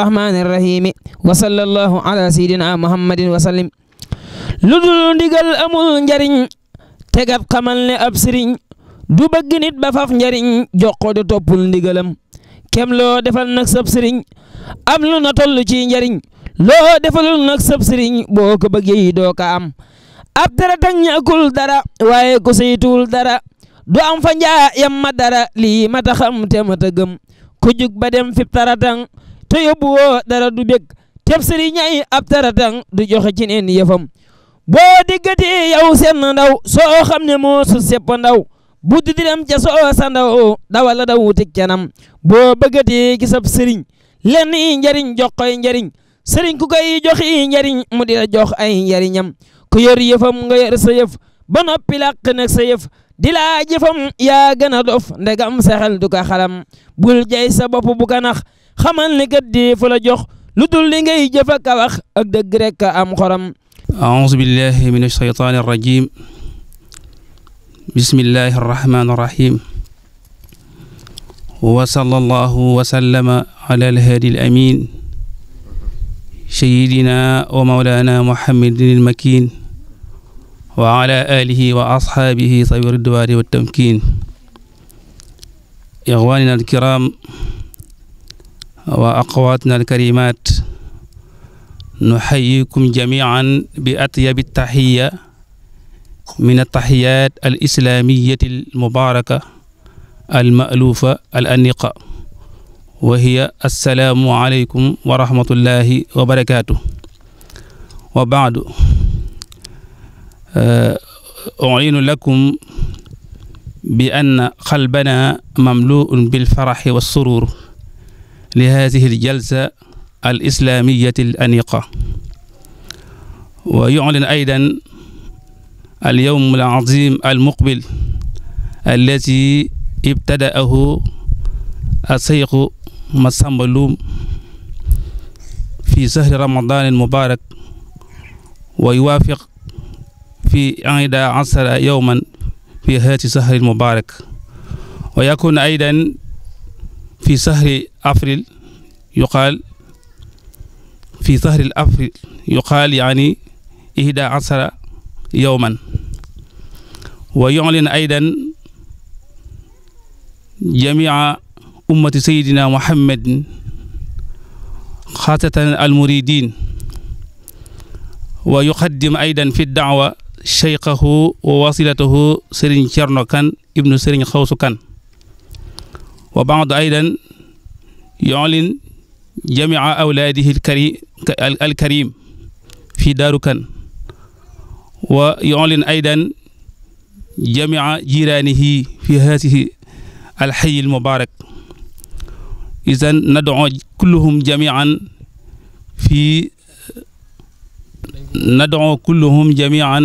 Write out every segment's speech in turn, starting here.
rahmaani rahiim wa sallallahu ala sayyidina muhammadin wa sallim lu dul ndigal amul njariñ tegab xamal ne ab sëriñ du bëgg nit ba faf njariñ jox ko toppul ndigalam kem loo defal nag sab sëriñ am lu na toll ci njariñ loo defalul nag sab sëriñ boo ko bëggee doo am ab dara tak ñàkkul dara waaye ku saytuwul dara du am fa njaa yam ma dara lii mata xam gëm ku jug ba dem fi taratang te yóbbu woo dara du bég teb sëriñ ay ab taratang du joxe ci neen yëfam boo diggati yow seen ndaw soo xam ne moo su sepp ndaw bu di dem ca soo sa ndaw dawala daw wutik canam boo bëggati gisab sëriñ lenn i njariñ jox koy njariñ sëriñ ku koy jox i njariñ mu di la jox ay njariñam ku yor yëfam nga yor sa yëf ba noppi làq nag yëf di laa jëfam yaa gën a dof ndegam sa xel du ko bul jay sa bopp bu ko nax xamal ni kat di jox lu dul li ngay jëf ak a wax ak dëgg rek a am xorom aouzu billahi min ashaytaani arrajim bismillahi arrahmani arrahim wa sallallahu wa sallama ala alhaadi alamin sayidina wa mawlana muhammadin almakin wa ala alihi wa ashaabihi tawi ridwaani wa tamkin ixwanina alkiram wa aqawaatina alkarimat nuxayikum jamian bi atyabi taxiya min altaxiyat alislaamiyati almubaraka almalufa al aniqa wa hiya alsalaamu aleykum wa rahmatullahi wa barakatuh wa baadu uinu lakum bi ann qalbana mamluun bilfaraxi wassurur li haadihi aljalsa alislaamiyati alaniqa wa yuclin aydan alyowm alazim almuqbil allati ibtadaahu aseyqu Masamba Loum fi sahri ramadan almubarak wa yuwaafiq fi ihdaa ashara yowman fi haati sahri almubarak wa yakun aydan fi sahri afril yuqaal fi sahri afril yuqaal yaani ihda asara yowman wa yu'lin aydan jamia ummati sayidina muhammadin xaasatan almuridin wa yuqaddim aydan fi daawa cheykhahu wa wasilatahu sëriñ cerno kan ibnu sëriñ xawsu kan wa baad aydan yulin jamia awlaadihi alkarim fi daarukan wa yulin aydan jamia jiraanihi fi haasihi alxayi almubaarak idan nadoo kulluhum jamian fi nadoo kulluhum jamian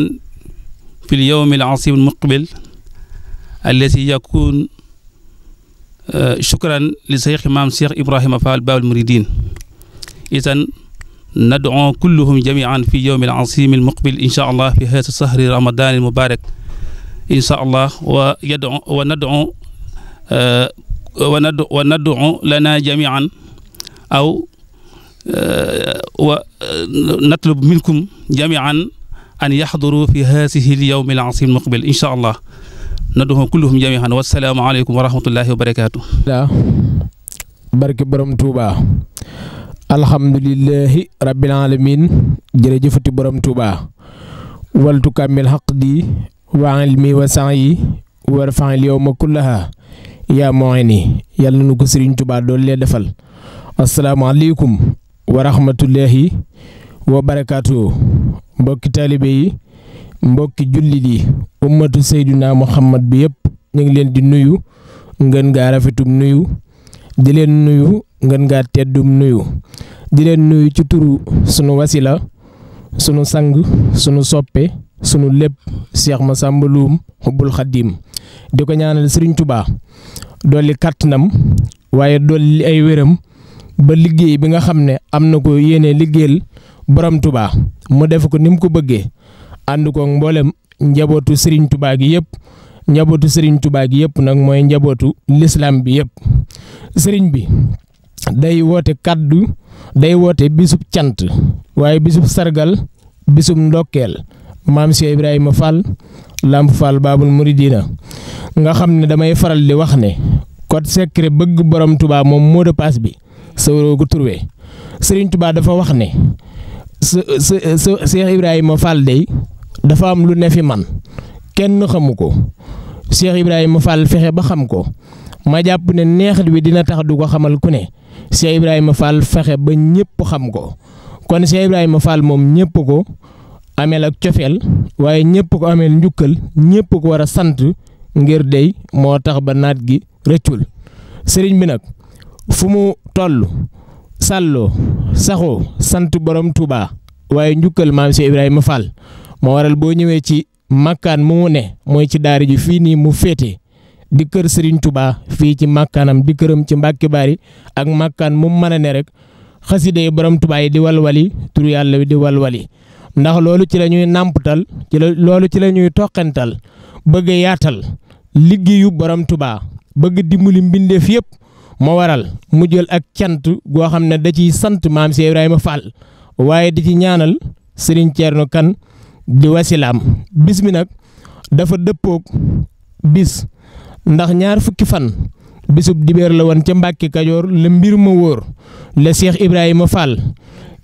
fi lyowm alcasiim almuqbil allati yakun Euh, shukran li sayxi maam Cheikh Ibrahima Fall Baabul Muridiin idan nad'u kulluhum jami'an fi yawmil aziimil muqbil incha allah fi haadha sahri ramadaanil mubaarak incha allah wa yad'u wa nad'u wa nad'u wa nad'u lanaa jami'an aw euh, wa euh, natlub minkum jami'an an yahduru fi haadhihil yawmil aziimil muqbil incha allah naduhum kulluhum jami'an wassalaamu aleykum wa rahmatullahi wa barakaatu barke borom Touba alhamdulillahi rabbil alamin jërëjëfati borom Touba waltu kamil xaq di wa ilmi wa sa'yi war fa'il yawma kullaha yaa mooy ni yàlla nu ko Serigne Touba doon lee defal asalaamaaleykum wa rahmatullahi wa barakaatu mbokki taalibe yi mbokki jullit yi ummatu seyduna muhammad bi yëpp ñu ngi leen di nuyu ngeen ngaa rafetum nuyu di leen nuyu ngeen ngaa teddum nuyu di leen nuyu ci turu sunu wasila sunu sang sunu soppe sunu lépp Cheikh Massamba Loum xubbul xaddiim di ko ñaanal Serigne Touba dolli kàttanam waaye dolli ay wéram ba liggéey bi nga xam ne am na ko yéene liggéeyal borom Touba mu def ko ni mu ko bëggee ànd mboolem njabootu Serigne Touba gi yëpp njabootu Serigne Touba gi yëpp nag mooy njabootu lislaam bi yëpp sëriñ bi day woote kàddu day woote bisub cant waaye bisub sargal bisub ndokkeel maam Cheikh Ibrahima Fall Lamp Fall Baabul Muridina nga xam ne damay faral di wax ne code secret bëgg borom Touba moom mot de bi sawroo ko trouvé Serigne Touba dafa wax ne sa sa Cheikh Ibrahima Fall dafa am lu ne fi man kenn xamu ko Cheikh Ibrahima Fall fexe ba xam ko ma jàpp ne neexit wi dina tax du ko xamal ku ne Cheikh Ibrahima Fall fexe ba ñëpp xam ko kon Cheikh Ibrahima Fall moom ñëpp ko ameel ak cofeel waaye ñëpp ko ameel njukkal ñépp ko war a sant ngir dey moo tax ba naat gi rëccul sëriñ bi nag fu mu toll sàlloo saxoo sant boroom tubaa waaye njukkal maam Cheikh Ibrahima Fall moo waral boo ñëwee ci makkaan mu mu ne mooy ci daara ji fii nii mu féete di kër sëriñ tubaa fii ci makkaanam di këram ci Mbàkke Bari ak makkaan mu mën a ne rek xasida yi borom Touba yi di walwali tur yàlla wi di walwali ndax loolu ci lañuy ñuy ci la loolu ci la ñuy toqantal bëgg yaatal liggéeyu borom tubaa bëgg dimbali mbindeef yëpp moo waral mu jël ak cant goo xam ne da ciy sant maam si Ibrahima Fall waaye di ci ñaanal Serigne Thierno kan di wasilaam bis bi nag dafa dëppook bis ndax ñaar fukki fan bisub dibeer la woon ca Mbàkke Kajoor la mbir ma wóor la Cheikh Ibrahima Fall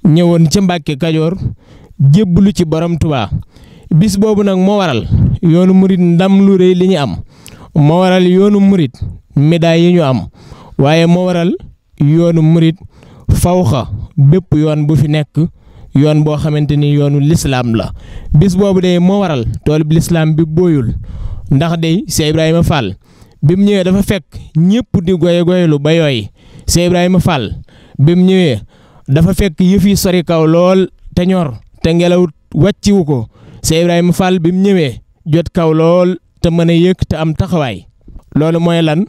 ñëwoon ca Mbàkke Kajoor jébbalu ci borom Tuubaa bis boobu nag moo waral yoonu murit ndam lu rëy li ñu am moo waral yoonu murit médaille yi ñu am waaye moo waral yoonu murit fawxa bépp yoon bu fi nekk yoon boo xamante ni yoonu lislaam la bis boobu de moo waral tool bi lislaam bi booyul ndax de Cheikh Ibrahima Fall bi mu ñëwee dafa fekk ñëpp di goye goyelu ba yooy Cheikh Ibrahima Fall bi mu ñëwee dafa fekk yëf yi sori kaw lool te ñor te ngelaw wàcciwu ko Cheikh Ibrahima Fall bi mu ñëwee jot kaw lool te mën a yëg te am taxawaay loolu mooy lan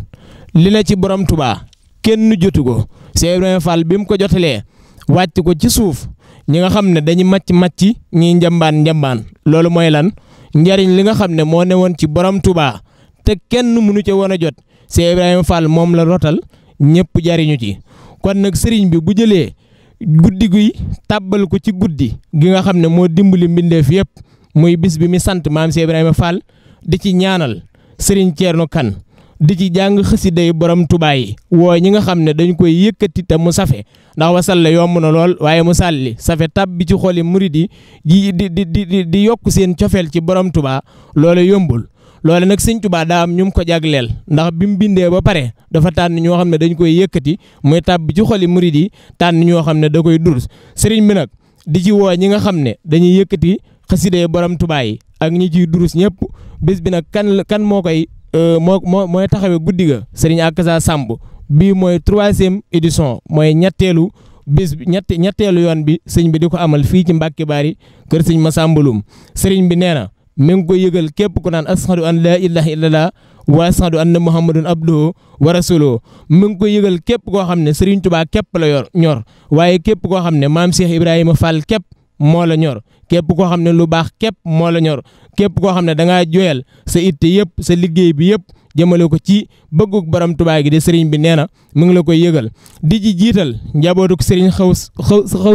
li la ci borom tubaa kenn jotu ko Cheikh Ibrahima Fall bi mu ko jotlee wàcc ko ci suuf ñi nga xam ne dañu màcc màcc ñi njàmbaan njàmbaan loolu mooy lan njariñ li nga xam ne moo ne woon ci borom tubaa te kenn mënu ca woon a jot Cheikh Ibrahima Fall moom la rotal ñëpp jariñu ci kon nag sëriñ bi bu jëlee guddi guy tàbbal ko ci guddi gi nga xam ne moo dimbali mbindeef yëpp muy bis bi mi sant maam Cheikh Ibrahima Fall di ci ñaanal sëriñ Thierno Kane di ci jàng xësiday borom tubaa yi woo ñi nga xam ne dañ koy yëkkati te mu safe ndax wasal la yomb na lool waaye mu sàlli safe tab bi ci xoli murid yi di di di di di yokk seen cofeel ci borom tubaa loolu yombul loole nag sëñ tubaa daa am ñu mu ko jagleel ndax bi mu bindee ba pare dafa tànn ñoo xam ne dañu koy yëkkati muy tàbbi ci xoli murid yi tànn ñoo xam ne da koy dur sëriñ bi nag di ci woo ñi nga xam ne dañuy yëkkati xasidee borom Tuubaa yi ak ñi ciy durus ñëpp bés bi nag kan kan moo Euh, moo moo mooy taxawe guddi ga sëriñ Akassa Samb bii mooy troisième édition mooy ñetteelu bis bi ñett ñetteelu yoon bi sëñ bi di ko amal fii ci Mbàkke Bari kër sëñ ma Loum sëriñ bi nee na mi ngi ko yëgal képp ku naan ashadu an laa ilaaha illallah wa ashadu anna muhammadun abduhu wa rasuluhu mi ko yëgal képp koo xam ne sëriñ Tuubaa képp la yor ñor waaye képp koo xam ne maam Cheikh Ibrahima Fall képp moo la ñor képp koo xam ne lu baax képp moo la ñor képp koo xam ne danga ngaa joyal sa itte yëpp sa liggéey bi yëpp jëmale ko ci bëggug borom tubaay gi de sëriñ bi nee na mu ngi la koy yëgal di ji jiital njabootuk sëriñ xaws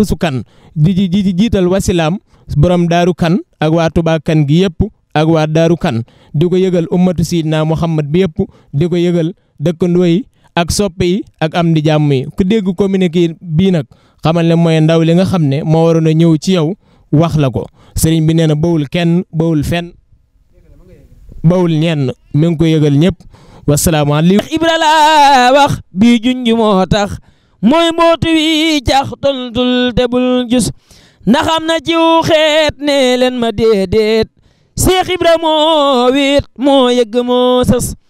su kan di ji di jiital wasilaam borom daaru kan ak waa Tuubaa kan gi yëpp ak waa daaru kan di ko yëgal ummatu naa Muhammad bi yëpp di ko yëgal dëkkandoo yi ak soppe yi ak am di jàmm yi ku dégg communiqué bii nag xamal ne mooy ndaw li nga xam ne moo waroon a ñëw ci yow wax la ko sëriñ bi nee na bawul kenn bawul fenn bawul ñenn mi ngi ko yëgal ñëpp wasalaamaaleykum. Ibra laa wax bii junj moo tax mooy mbootu wi cax tontul te bul jus ndax na jiw xeet ne leen ma déedéet Seex Ibra moo wéet moo yëgg moo sës.